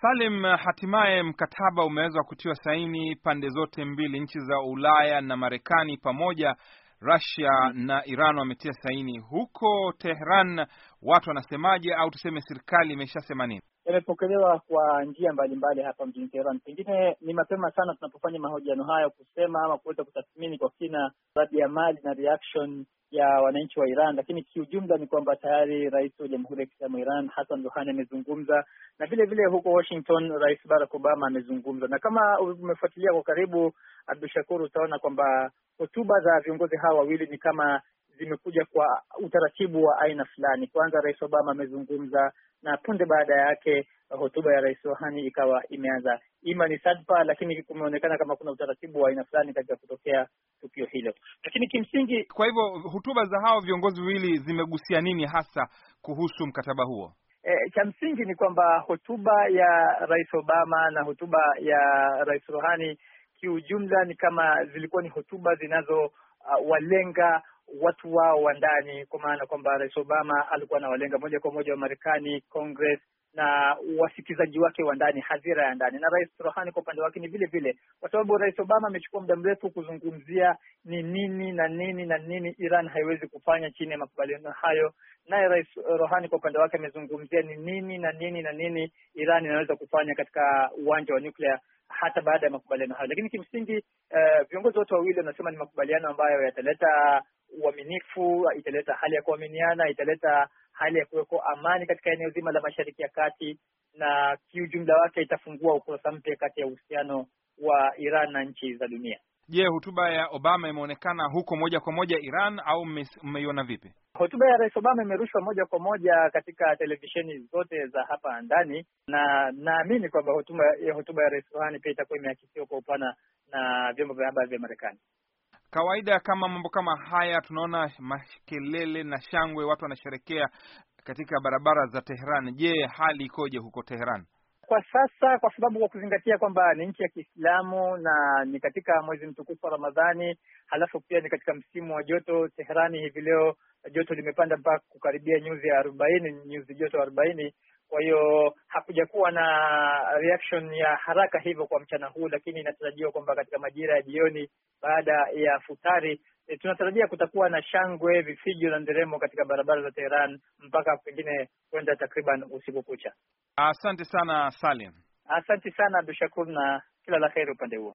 Salim, hatimaye mkataba umeweza kutiwa saini pande zote mbili, nchi za Ulaya na Marekani pamoja Russia na Iran wametia saini. Huko Tehran watu wanasemaje, au tuseme serikali imeshasema nini? yamepokelewa kwa njia mbalimbali hapa mjini Teheran. Pengine ni mapema sana tunapofanya mahojiano hayo kusema ama kuweza kutathmini kwa kina radi ya mali na reaction ya wananchi wa Iran, lakini kiujumla ni kwamba tayari rais wa Jamhuri ya Kiislamu Iran Hassan ruhani amezungumza na vile vile huko Washington Rais Barack Obama amezungumza, na kama umefuatilia kwa karibu, Abdu Shakur, utaona kwamba hotuba za viongozi hawa wawili ni kama zimekuja kwa utaratibu wa aina fulani. Kwanza Rais Obama amezungumza, na punde baada yake uh, hotuba ya Rais Rohani ikawa imeanza. Ima ni sadfa, lakini kumeonekana kama kuna utaratibu wa aina fulani katika kutokea tukio hilo, lakini kimsingi. Kwa hivyo hotuba za hao viongozi wawili zimegusia nini hasa kuhusu mkataba huo? E, cha msingi ni kwamba hotuba ya Rais Obama na hotuba ya Rais Rohani kiujumla ni kama zilikuwa ni hotuba zinazowalenga uh, watu wao wa ndani, kwa maana kwamba Rais Obama alikuwa anawalenga moja kwa moja wa Marekani, Congress na wasikizaji wake wa ndani, hadhira ya ndani, na Rais Rohani kwa upande wake ni vile vile, kwa sababu Rais Obama amechukua muda mrefu kuzungumzia ni nini na nini na nini Iran haiwezi kufanya chini ya makubaliano hayo, naye Rais Rohani kwa upande wake amezungumzia ni nini na nini na nini Iran inaweza kufanya katika uwanja wa nuclear hata baada ya makubaliano hayo. Lakini kimsingi, uh, viongozi wote wawili wanasema ni makubaliano ambayo yataleta uaminifu, italeta hali ya kuaminiana, italeta hali ya kuweko amani katika eneo zima la Mashariki ya Kati, na kiujumla wake itafungua ukurasa mpya kati ya uhusiano wa Iran na nchi za dunia. Je, hotuba ya Obama imeonekana huko moja kwa moja Iran au mmeiona vipi? Hotuba ya Rais Obama imerushwa moja kwa moja katika televisheni zote za hapa ndani, na naamini kwamba hotuba ya Rais Rohani pia itakuwa imeakisiwa kwa upana na vyombo vya habari vya Marekani. Kawaida kama mambo kama haya tunaona makelele na shangwe, watu wanasherekea katika barabara za teheran Je, hali ikoje huko teheran kwa sasa? Kwa sababu kwa kuzingatia kwamba ni nchi ya Kiislamu na ni katika mwezi mtukufu wa Ramadhani, halafu pia ni katika msimu wa joto, Teherani hivi leo joto limepanda mpaka kukaribia nyuzi ya arobaini, nyuzi joto arobaini. Kwa hiyo hakujakuwa na reaction ya haraka hivyo kwa mchana huu, lakini inatarajiwa kwamba katika majira ya jioni baada ya futari E, tunatarajia kutakuwa na shangwe, vifijo na nderemo katika barabara za Teheran mpaka pengine kwenda takriban usiku kucha. Asante sana Salim. Asante sana Abdushakur na kila la heri upande huo.